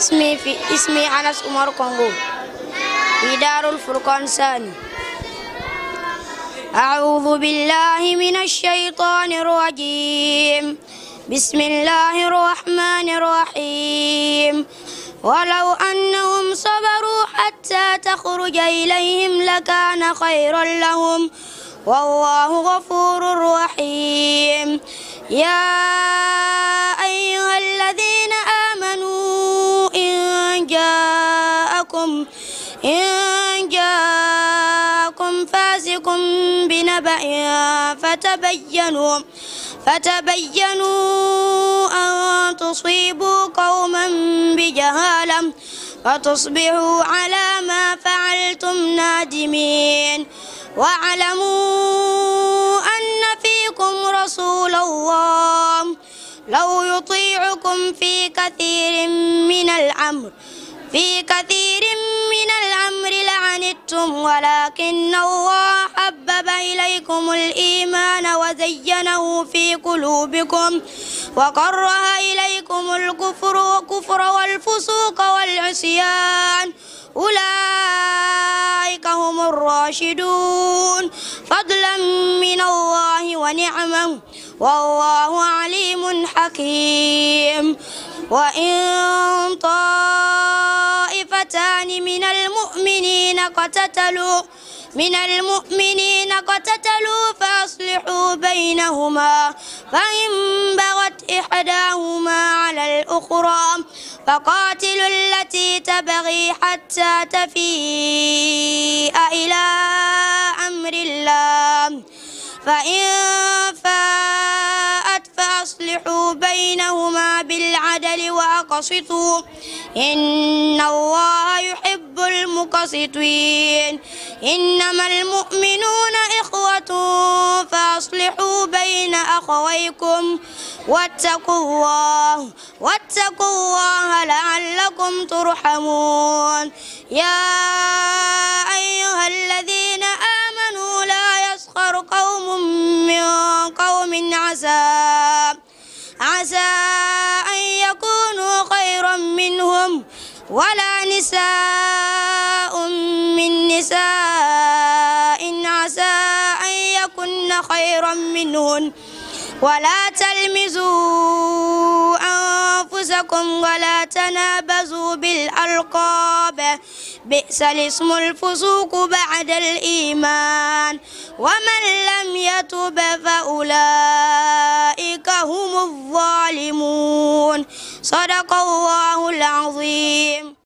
اسمي في اسمي أنس عمر كونغو في دار الفرقان ثاني أعوذ بالله من الشيطان الرجيم بسم الله الرحمن الرحيم ولو أنهم صبروا حتى تخرج إليهم لكان خيرا لهم والله غفور رحيم يا إن جاءكم فاسق بنبأ فتبينوا فتبينوا أن تصيبوا قوما بجهالة فتصبحوا على ما فعلتم نادمين واعلموا أن فيكم رسول الله لو يطيعكم في كثير من الأمر في كثير من كرهتم ولكن الله حبب إليكم الإيمان وزينه في قلوبكم وقره إليكم الكفر وكفر والفسوق والعصيان أولئك هم الراشدون فضلا من الله ونعما والله عليم حكيم وإن طائفتان من المؤمنين قتتلوا من المؤمنين قتتلوا فأصلحوا بينهما فإن بغت إحداهما على الأخرى فقاتلوا التي تبغي حتى تفيء إلى أمر الله فإن فاءت فأصلحوا بينهما بالعدل وأقسطوا إن الله يحب المقسطين إنما المؤمنون إخوة فأصلحوا بين أخويكم واتقوا الله واتقوا الله لعلكم ترحمون يا أيها الذين آمنوا لا يسخر قوم من قوم عسى عسى أن يكونوا خيرا منهم ولا نساء إن عسى أن يكن خيرا منهن ولا تلمزوا أنفسكم ولا تنابزوا بالألقاب بئس الاسم الفسوق بعد الإيمان ومن لم يتب فأولئك هم الظالمون صدق الله العظيم